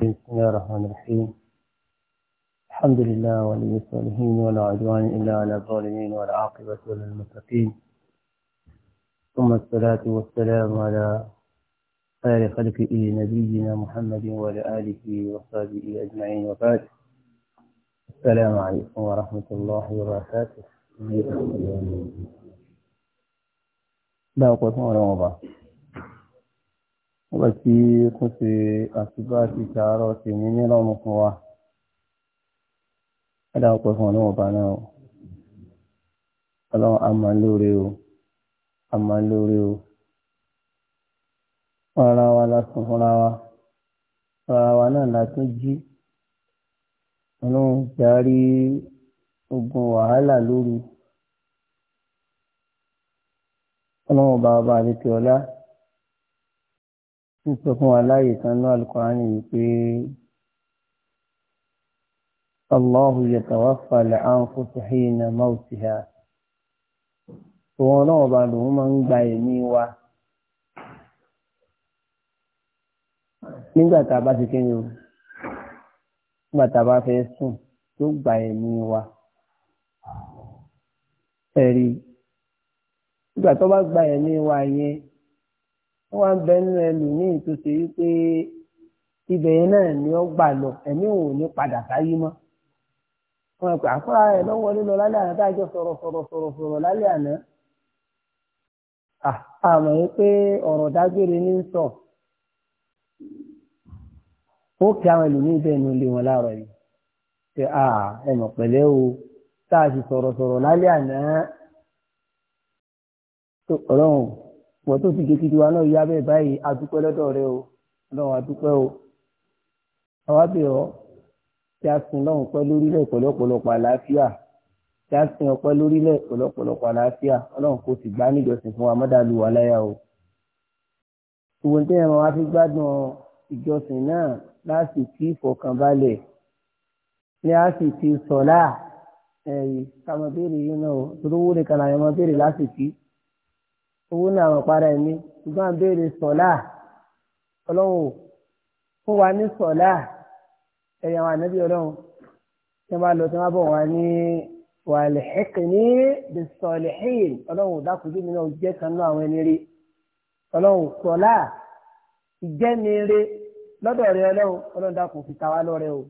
بسم الله الرحمن الرحيم الحمد لله ولي الصالحين ولا عدوان إلا على الظالمين والعاقبة للمتقين ثم الصلاة والسلام على خير خلق نبينا محمد وعلى آله وصحبه أجمعين وبعد السلام عليكم ورحمة الله وبركاته لا أقول nígbà tí kò ṣe àtúbà àti ìṣàárọ̀ tèmi nílọ́run fún wa ẹ̀dá ọ̀pọ̀ fún ọlọ́run ọba náà ọlọ́run a máa lóore o a máa lóore o fúnra wa la sùn fúnra wa fúnra wa náà la jí ọlọ́run járí ogun wàhálà lóru ọlọ́run ọba ọba àti tìọ́lá ń sọ fún wa láàyè kan náà Al-Qur'ani yìí pé Allahu yatawaffa al-anfusa hina mawtiha òun náà bá lòun máa ń gba ẹ̀mí wa nígbà tá a bá ti kéde o nígbà tá a bá fẹ́ sùn tó gba ẹ̀mí wa ẹ̀rí nígbà tó bá gba ẹ̀mí wa yẹn. wọ́n wá bẹ nínú ẹlòmíì tó ṣe wípé ni ó gbà lọ ẹ̀mí òun ní padà sáyé mọ́ wọn pè àkúrà ẹ̀ lọ́wọ́ lílọ lálẹ́ àná sọ̀rọ̀ sọ̀rọ̀ sọ̀rọ̀ sọ̀rọ̀ lálẹ́ àná àmọ́ ọ̀rọ̀ dágbére ní ń sọ ó kí àwọn ẹlòmíì ní wọn láàárọ̀ yìí ẹ mọ̀ a sì sọ̀rọ̀ sọ̀rọ̀ wọ́n tó fi gègé wa náà yá bẹ́ẹ̀ báyìí adúpẹ́ lọ́dọ̀ rẹ o lọ́wọ́ adúpẹ́ o àwa bẹ̀ ọ́ tí a sin lọ́hùn pẹ́ lórílẹ̀ pẹ̀lú ọ̀pọ̀lọpọ̀ àlàáfíà tí a sin ọpẹ́ lórílẹ̀ pẹ̀lú ọ̀pọ̀lọpọ̀ àlàáfíà ọlọ́run kò sì gbá níjọsìn fún wa mọ́dàlú wa láyà o. ìwọ̀n tí ẹ̀rọ wa fi gbádùn ìjọsìn náà láti kí ìfọ̀kànbalẹ̀ ní a sì ti sọ̀lá ẹ̀yìn kàmọ́bẹ̀rẹ̀ yìí náà o torí owó nìkan làwọn ọmọ owó náà àwọn ìpara ẹ̀mí ṣùgbọ́n à ń béèrè sọ̀lá ọlọ́run fún wa ní sọ̀lá ẹ̀yà àwọn ànábì ọlọ́run tí wọ́n bá lọ tí wọ́n bọ̀ wá ní wàlẹ̀ ẹ̀kẹ́ ní bisọ̀lẹ̀hìn ọlọ́run dákúndé mi náà jẹ́ kan náà àwọn ẹni rí ọlọ́run sọ̀lá ìjẹ́niire lọ́dọ̀ rẹ ọlọ́run ọlọ́run dákun fi ta wá lọ́rẹ o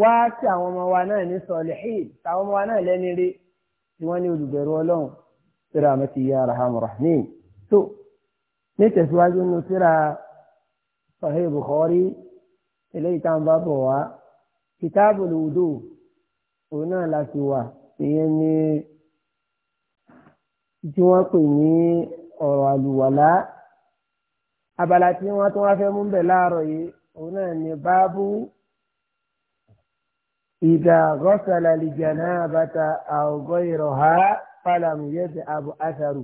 wá sí àwọn ọmọ wa náà ní sọ̀lẹ̀hìn táwọn ọmọ wa náà lẹ́ni tí wọ́n ní olùbẹ̀rù ọlọ́run برحمتي يا أرحم الراحمين تو نتسواج أنه سرى صحيح بخاري إليه كان بابوا كتاب الوضوء هنا لا سوى يعني tí wọ́n pè ní ọ̀rọ̀ àlùwàlá abala tí wọ́n tún wá fẹ́ mú bẹ̀ láàárọ̀ yìí òun náà ni báàbù ìdá ghasala li janabata aw ghayraha fálàmù yẹ́dì abu atharu.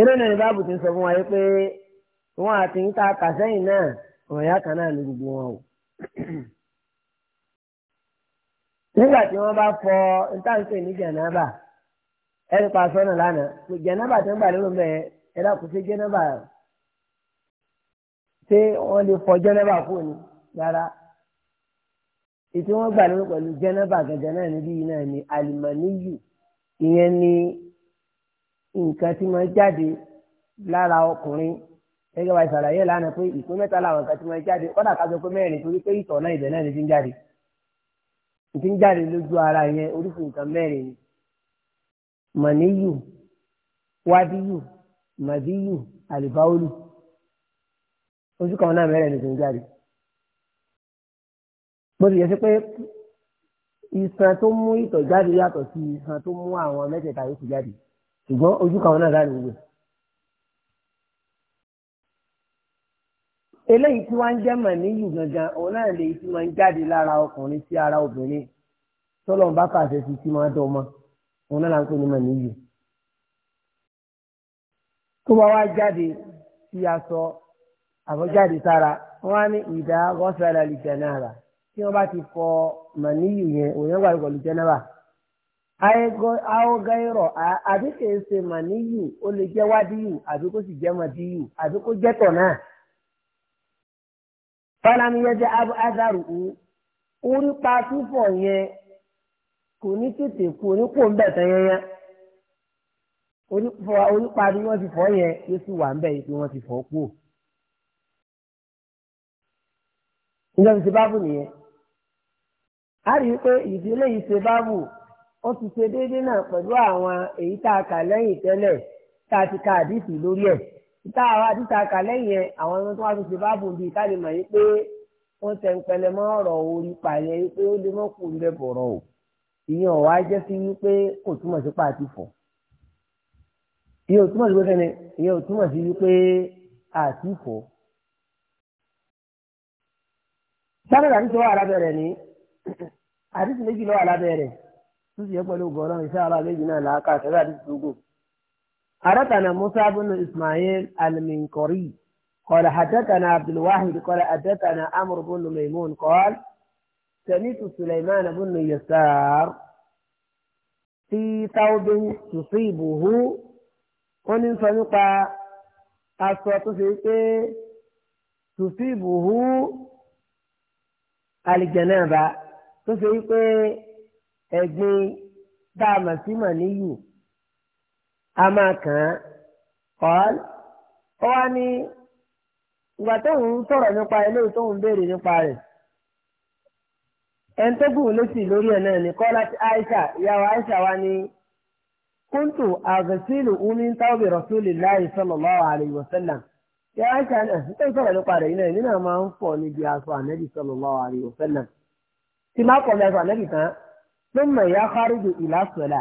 inú náà ní báàbù ti ń sọ fún wa yìí pé wọn àti ń ta kàsẹ́yìn náà ọ̀yá kan náà ní gbogbo wọn o. nígbà tí wọ́n bá fọ ntáǹsì ní jẹ̀nàbà ẹni pa sọ́nà lánàá jẹ̀nàbà tí wọ́n gbà lérò mẹ́ ẹ dákun sí jẹ̀nàbà ṣé wọ́n lè fọ jẹ̀nàbà kù ni rárá ètò wọn gbà lórí pẹ̀lú jẹ́nẹ́bà gẹ́gẹ́ náà níbí náà ni alimaniyu ìyẹn ni nǹkan tí máa jáde lára ọkùnrin gẹ́gẹ́ bá ìsàlàyé lánàá pé ìpín mẹ́ta làwọn nǹkan tí máa jáde kọ́dà ká sọ pé mẹ́rin torí pé ìtọ̀ náà ibẹ̀ náà ni ti ń jáde ti ń jáde lójú ara yẹn orísun nǹkan mẹ́rin ni mọ̀níyù wádìyù màdíyù àlìbáwòlù ojú kan náà mẹ́rin ni ti ń jáde bó ti yẹ sí pé iṣan tó mú ìtọ̀ jáde yàtọ̀ sí iṣan tó mú àwọn mẹ́tẹ̀ẹ̀ta yòókù jáde ṣùgbọ́n ojú kan náà dáa nìyẹn. eléyìí tí wọ́n ń jẹ́ mọ̀ níyù gangan òun náà lè ti máa ń jáde lára ọkùnrin sí ara obìnrin tọ́lọ̀ ń bá pàṣẹ sí ti máa dán ọmọ òun náà ń pè ní mọ̀ níyù. tó bá wá jáde sí aṣọ àbọ̀jáde sára wọ́n á ní ìdá rọ́ṣàlà lìjẹ̀ náà rà tí wọ́n bá ti fọ màníyù yẹn òyìnbó wà pẹ̀lú jẹ́nẹ́bà àwọ̀gáìrọ̀ àbí kìí ṣe màníyù ó lè jẹ́ wádìyù àbí kó sì jẹ́ màdíyù àbí kó jẹ́ tọ̀ náà. fọlámi yẹn jẹ́ azaru u orí pa fífọ̀ yẹn kò ní tètè kú onípò ń bẹ̀ tán yẹn yẹn orí pa bí wọ́n ti fọ́ yẹn yóò sì wà ń bẹ̀ yìí pé wọ́n ti fọ́ kú. ìjọba ti bá bù nìyẹn a rí i pé ìdílé yìí ṣe báàbù ó ti ṣe déédéé náà pẹ̀lú àwọn èyí tá a kà lẹ́yìn tẹ́lẹ̀ tá a ti ka àdìsí lórí ẹ̀ tá àwọn àdìsí tá a kà lẹ́yìn ẹ̀ àwọn ẹni tó wá fi ṣe báàbù bíi ká lè mọ̀ yí pé wọ́n tẹ̀ ń pẹlẹ mọ́ ọ̀rọ̀ orí pààyàn yí pé ó lè mọ́ kù lẹ́ bọ̀rọ̀ o ìyẹn ọ̀ jẹ́ sí wípé kò túmọ̀ sí pàtì fọ̀ ìyẹn ò túmọ̀ sí pé kẹ́ni ìyẹn ò túmọ̀ àdìsí méjì lọ́wọ́ alábẹ́rẹ́ tó sì yẹ pẹ̀lú gọ́ọ̀rọ̀ iṣẹ́ alábẹ́jì náà làákà àtẹ́rẹ́ àdìsí ogun. حدثنا موسى بن إسماعيل المنكري قال حدثنا عبد الواحد قال حدثنا عمرو بن ميمون قال سمعت سليمان بن يسار في ثوب تصيبه ó ní sọ nípa aṣọ tó ṣe pé tùsíbùhù àlìjẹ̀nàbà tó ṣe wípé ẹ̀gbin tá a mà sí mà níyù a máa kàn án ọ wá ní ìgbà tóun sọ̀rọ̀ nípa eléyìí tóun béèrè nípa rẹ̀ ẹni tó gùn létí lórí ẹ̀ náà ní kọ́lá ti Aisha ìyàwó Aisha wa ní kúntù àgàsílù umi tábì rasulillahi sallallahu alayhi wa sallam ìyàwó Aisha náà nítorí sọ̀rọ̀ nípa rẹ̀ yìí náà nínú àwọn máa ń fọ̀ níbi aṣọ ànábì sallallahu alayhi wa sallam tí má kọ̀ lẹ́sọ̀ ànábì tán lọ́mọ ìyá kárìdù ìlà sọ̀là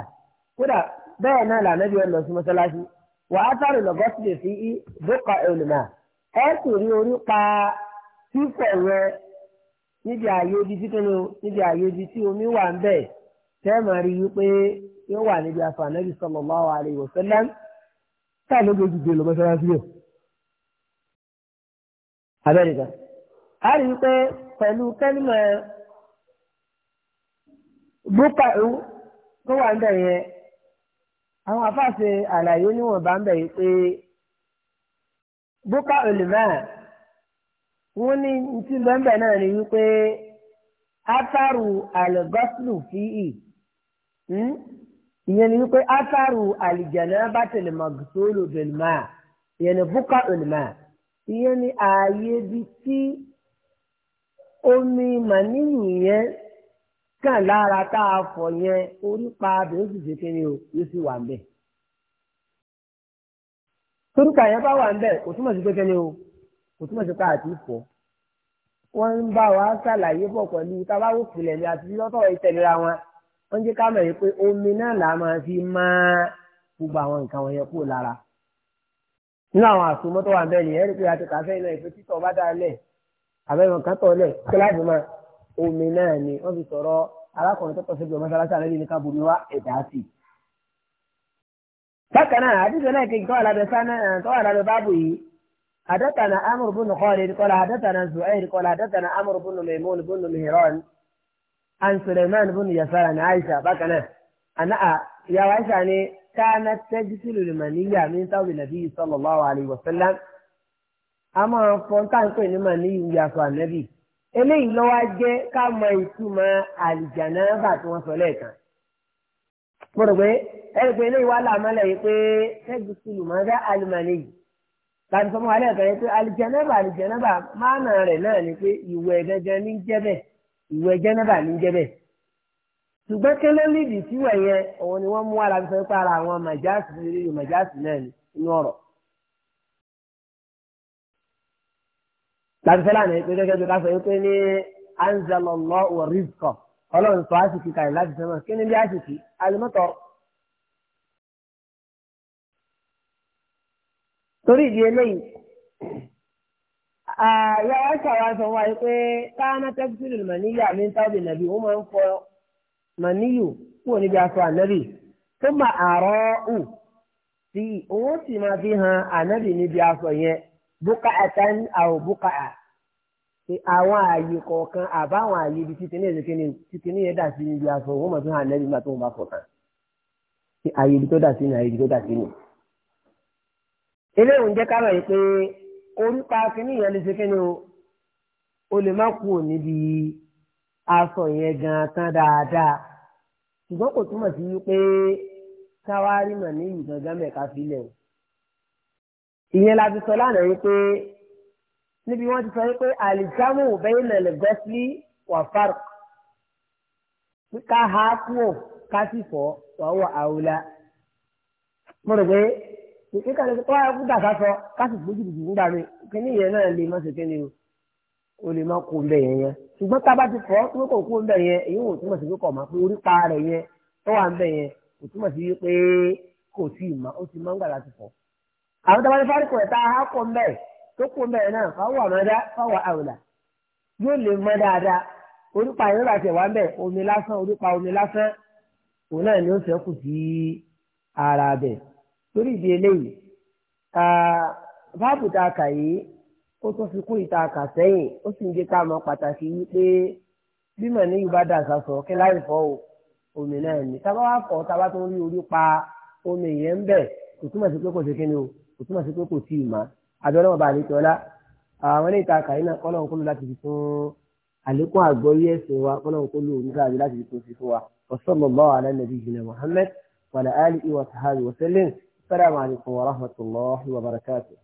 kódà bẹ́ẹ̀ náà lànàbì ẹ̀ lọ sí mọ́sálásí wàá sáré lọ́gọ́ sí lè fi í bókà ẹ̀lùmá ẹ̀ sì rí orí pa fífọ̀ rẹ níbi ààyè ibi tí níbi ààyè ibi tí omi wà ń bẹ̀ tẹ́ máa rí i pé yóò wà níbi aṣọ ànábì sallallahu alaihi wasallam táà ló gbé jùjọ lọ bùkà tó wà ń bẹ̀ yẹn àwọn afáàṣe àlàyé oníwọ̀nba ń bẹ̀ yìí pé bùkà olùmọ̀ wọ́n ní ti bẹ́ẹ̀ náà ni wípé átàrù àlùgọ́sùlù fìhì hmm? ìyẹn ni wípé átàrù àlìjẹ̀nà bàtẹ̀lẹ̀ mọ̀gùsọ́lù bẹ̀lùmá ìyẹn ni bùkà olùmọ̀ ìyẹn ni ààyè ibi tí omi màníyì yẹn kàn lára tá a fọ̀ yẹn orípa abẹ ó sì ṣe kí ni o yóò sì wà ńbẹ̀ toríka yẹn bá wà ńbẹ̀ kò túmọ̀ sí pé kí ni o kò túmọ̀ sí pé àti fọ̀ wọ́n ń bá wa ṣàlàyé bọ̀ pẹ̀lú tábàwò pìlẹ̀ ni àti lọ́tọ̀ ìtẹ̀lera wọn wọ́n jẹ́ ká mọ̀ yìí pé omi náà là máa fi máa gbogbo àwọn nǹkan wọ̀nyẹn kúrò lára. nínú àwọn àsomọ́ tó wà ń nìyẹn rí pé a ti kà fẹ́ iná ìfẹ́ títọ̀ bá dáa lẹ̀ àbẹ́wọn omi náà ni wọ́n fi sọ̀rọ̀ arákùnrin tọ́tọ̀ sí ìgbìmọ̀ mọ́ṣáláṣí àlẹ́ ní káàbù mi wá ẹ̀dá sí i. bákan náà àdìsẹ́ náà kejì tọ́wọ́ lábẹ́ sáná tọ́wọ́ lábẹ́ báàbù yìí حدثنا عمرو بن خالد قال حدثنا زهير قال حدثنا عمرو بن ميمون بن مهران عن سليمان بن يسار عن عائشة بكنا أنا يا عائشة يعني كانت تغسل المنية من ثوب النبي صلى الله عليه وسلم أما فونتان كوي المنية يا النبي eléyìí lọ́wọ́ jẹ́ ká mọ ìtumọ̀ àlìjànáàbà tí wọ́n sọ lẹ́ẹ̀kan. mo rò pé ẹni pé eléyìí wá làmọ́lẹ̀ yìí pé ṣẹ́gun sílù máa ń fẹ́ alimọ̀lẹ́ yìí. láti sọ fún wa lẹ́ẹ̀kan yìí pé àlìjànáàbà àlìjànáàbà máàna rẹ̀ náà ni pé ìwẹ̀ gẹ́gẹ́ ní jẹ́bẹ̀ ìwẹ̀ jẹ́nàbà ní jẹ́bẹ̀. ṣùgbọ́n kélé lídìí síwẹ̀ yẹn òun ni wọ́n mú làbísẹ́ lánàá yìí pé gẹ́gẹ́ bí káfọ́ yìí pé ní anzalallahu ọlọ́run kí ni bí àṣìkí alimọ́tọ̀. torí ìdí eléyìí àyà ṣàwọn aṣọ wa yìí pé káná tẹ́kítìrì màníyù àmì tábìlì nàbí wọ́n máa ń fọ màníyù kúrò níbi aṣọ ànábì tó máa àárọ̀ ù sí òun sì máa fi hàn ànábì níbi búkà àtàn àwọn búkà à àwọn ààyè kọ̀ọ̀kan àbáwọn ààyè ibi títí ní èdèkéni títí ní ẹ̀dá sí ibi aṣọ wọn mọ̀ tó hàn lẹ́yìn nígbà tó ń bá fọ̀ kan ààyè ibi tó dà sí ni ààyè ibi tó dà sí ni. eléyìí ń jẹ́ ká mọ̀ yìí pé orúkọ akínní yẹn lè ṣe kíni o o lè má kú níbi aṣọ yẹn gan tán dáadáa ṣùgbọ́n kò túmọ̀ sí wípé káwárí mọ̀ ní ìgbọ̀ngàn mẹ́ka sílẹ̀ o ìyẹn la ti sọ lánàá wípé níbi wọ́n ti sọ wípé àlìjámù bẹ́yìn lẹ̀ gọ́sílì wà fárk ká ha kúrò ká sì fọ́ wà wọ àwòlá. mo rò pé kíkà ló ti kọ́ ẹkú dàgbà sọ ká sì gbójú dùdù nígbà mi kíní ìyẹn náà lè má ṣe kíni o o lè má kó bẹ́ẹ̀ yẹn yẹn ṣùgbọ́n tá a bá ti fọ́ tí wọ́n kò kó bẹ́ẹ̀ yẹn èyí wò túmọ̀ sí pé kọ̀ máa pé orí pa rẹ̀ yẹn tó wà ń bẹ̀ yẹn kò túmọ̀ sí pé kò tí ì má ó ti má ń gbà láti fọ́ àwọn tábàlẹ́ fárikọ̀ ẹ̀ta akọ̀ mbẹ́ tó kù mbẹ́ náà fáwọn àmọ́dá fáwọn àwòlà yóò lè mọ dáadáa orípa ìrora àti ẹ̀wà mbẹ́ omi lásán orípa omi lásán òun náà ni ó sẹ́kù sí ara bẹ̀ torí ìdí eléyìí báàbù tá a kà yìí ó tún fi kún ìta kà sẹ́yìn ó sì ń jẹ́ ká mọ̀ pàtàkì wípé bímọ ní yorùbá dàgbà sọ kí láì fọ omi náà ni tábà wà fọ tábà tó ń rí orí pa omi yẹn ń bẹ kò túmọ̀ sí pé kò sí kíni o túmọ̀ sí pé kò tí ì má abẹ́rẹ́ wọn bá àlejò ọlá àwọn ilé ìta kàyí náà kọ́lọ́hún kó láti fi fún àlékún àgbọ́yé ẹ̀sìn wa kọ́lọ́hún kó nígbà àbí láti fi fún wa sallallahu ala nabiyyina Muhammad wa ala alihi wa sahbihi wa sallam assalamu alaikum wa rahmatullahi wa barakatuh.